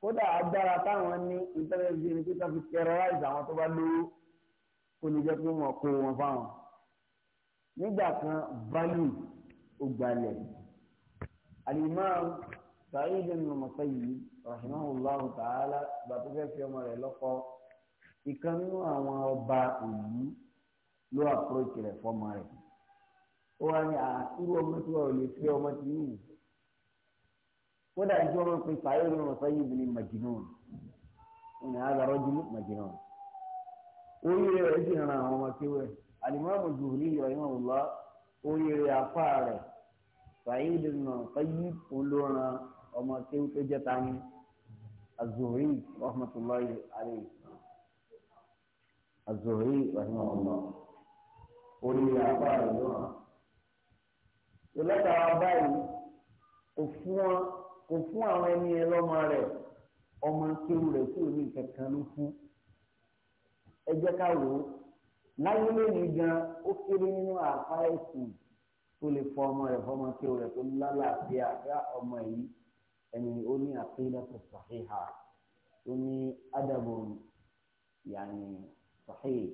kódà agbára táwọn ní ìtọ́jú ẹni pé ká fi terrorize àwọn tó bá lówó kó lè jẹ́ pé wọ́n kó wọn fáwọn. nígbà kan value ó gbalẹ̀ alimam Sa'id ibn Musayyib rahimahullahu ta'ala bàtú fẹ́ fi ọmọ rẹ̀ lọ́kọ ìkan nínú àwọn ọba ìlú ló approach rẹ̀ fọmọ rẹ̀ ó wá ní àtúrò ọmọ tí wọn ò lè fi ọmọ tí yìí kódà ìjọ wọn pe fàáyọrọ wọn sọ yìí ní majinun ní agarọ jùlọ majinun oríire rẹ sì ràn àwọn ọmọ kéwẹ alimami zuhuri rahimahullah oríire apá rẹ fàáyọrọ náà sọ yìí olóran ọmọ kéwẹ tó jẹ tani azuhuri rahmatulahi alayhi azuhuri rahimahullah oríire apá rẹ ló hàn. ìlọ́ta wa báyìí kò fún wọn kò fún àwọn ẹni ẹ lọ́mọ rẹ̀ ọmọ kéwù rẹ̀ tí ò ní kankan ló fún ẹ jẹ́ ká wò ó láyé lónìí gan ó kéré nínú àfa ẹ̀sìn tó lè fọ ọmọ rẹ̀ fọmọ kéwù rẹ̀ tó lálàáfíà bá ọmọ yìí ẹni ó ní aqidatu sahiha ó ní adabun yàní sahih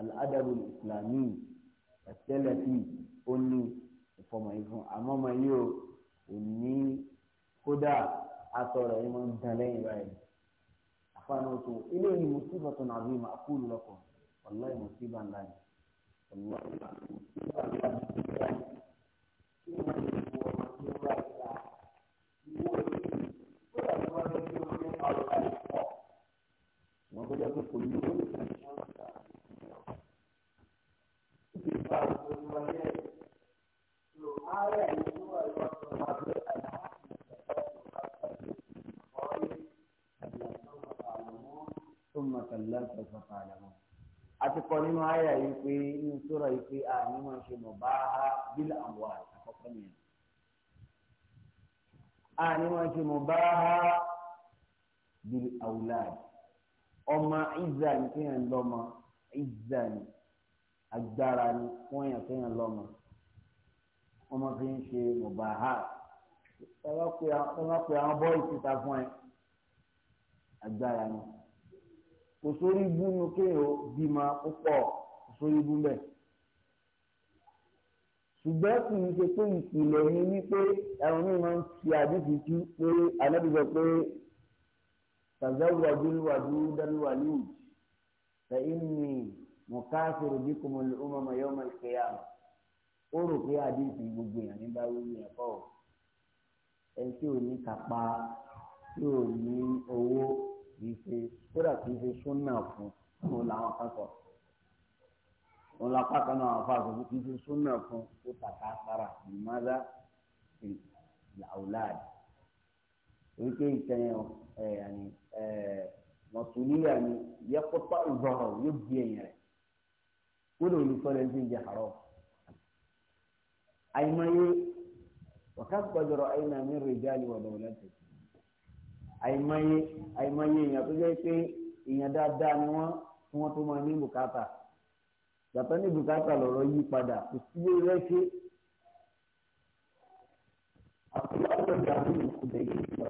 al-adabul islami as ó ní ìfọmọ yìí fún àmọ́ ọmọ yìí ó òní kódà aṣọ rẹ̀ ni wọ́n ń dán lẹ́yìn báyìí àfààní oṣù ilé yìí mùsíbà tó nàbí mà kúlù lọ́kọ̀ ọ̀la ìmùsíbà ńlá yìí ọ̀la ìmùsíbà lẹ́kọ̀ọ́ sọ̀tà àlẹ́mọ́. a ti kọ́ nínú àyà yìí pé inú sọ̀rọ̀ yìí pé àní máa ṣe mọ̀ bá a bí àwọn àkọ́kọ́ nìyẹn. àní máa ṣe mọ̀ bá a bí àwùláàdì ọmọ ìzà ni kéèyàn lọ́mọ ìzà ni agbára ni fún èèyàn kéèyàn lọ́mọ ọmọ fi ń ṣe mọ̀bàhá ẹ wá pe àwọn bọ́ọ̀lù síta fún ẹ agbára ni kò sórí búnú kéèyàn bímọ púpọ̀ kò sórí bún bẹ́ẹ̀ ṣùgbọ́n kì í ṣe pé ìpìlẹ̀ ni wípé ẹ̀rùn mi máa ń fi àdìsí sí pé anábìsọ pé tàzáwùwájú wàjú dáníwàlú ṣe ìní mọ̀káṣẹ́rò bí kò mọ̀ lè ó máa yọ ọmọ ìkẹyà ó rò pé àdìsí gbogbo èèyàn ní bá wíwí ẹ̀kọ́ ẹ̀ tí ò ní kápá tí ò ní owó kódà kì í ṣe súnà fún òun làwọn kan sọ òun làpá kan náà àwọn afáàsọ kì í ṣe súnà fún ó tàkà sára ìmọ̀dá làwùláàdì wípé ìtẹ̀yìn ẹ̀ ẹ̀ ẹ̀ mọ̀tòlíyà ni yẹ kópa ìzọrọ̀ yóò di ẹ̀yìn rẹ̀ kódà olùsọ̀rọ̀ ẹ̀sìn jẹ́ àrọ̀ àyìnmáyé wàkàtúkọ̀dọ̀rọ̀ àyìnmáyé rẹ̀ jáde wà lọ́wọ́ àyìnmáyé àyìnmáyé èèyàn tó pé èèyàn dáadáa ni wọ́n kí wọ́n tó máa ní bùkátà gbàtọ́ ní bùkátà lọ̀rọ̀ yí padà kò sí lé rẹ́ṣẹ́ àti láwùjọ dàbí ìkùdẹ̀ yìí lọ.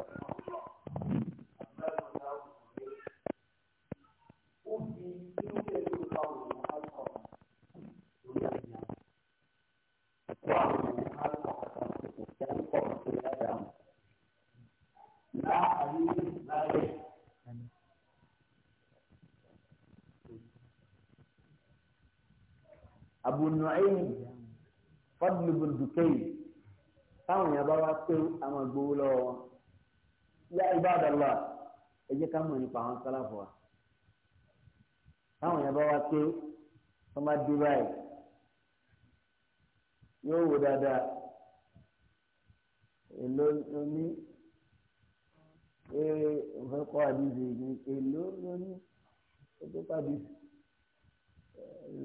Thank you. Abu Nu'aym Fadl ibn Dukayn táwọn èèyàn bá wá pé àwọn agbowó lọ́wọ́ wọn yá Ibadallah ẹ jẹ́ ká mọ̀ nípa àwọn sálàfọ̀ wa táwọn èèyàn bá wá pé wọ́n bá dé báyìí yóò wò dáadáa èlò ní ee òfin kọ́ àdìsí èlò ní ojú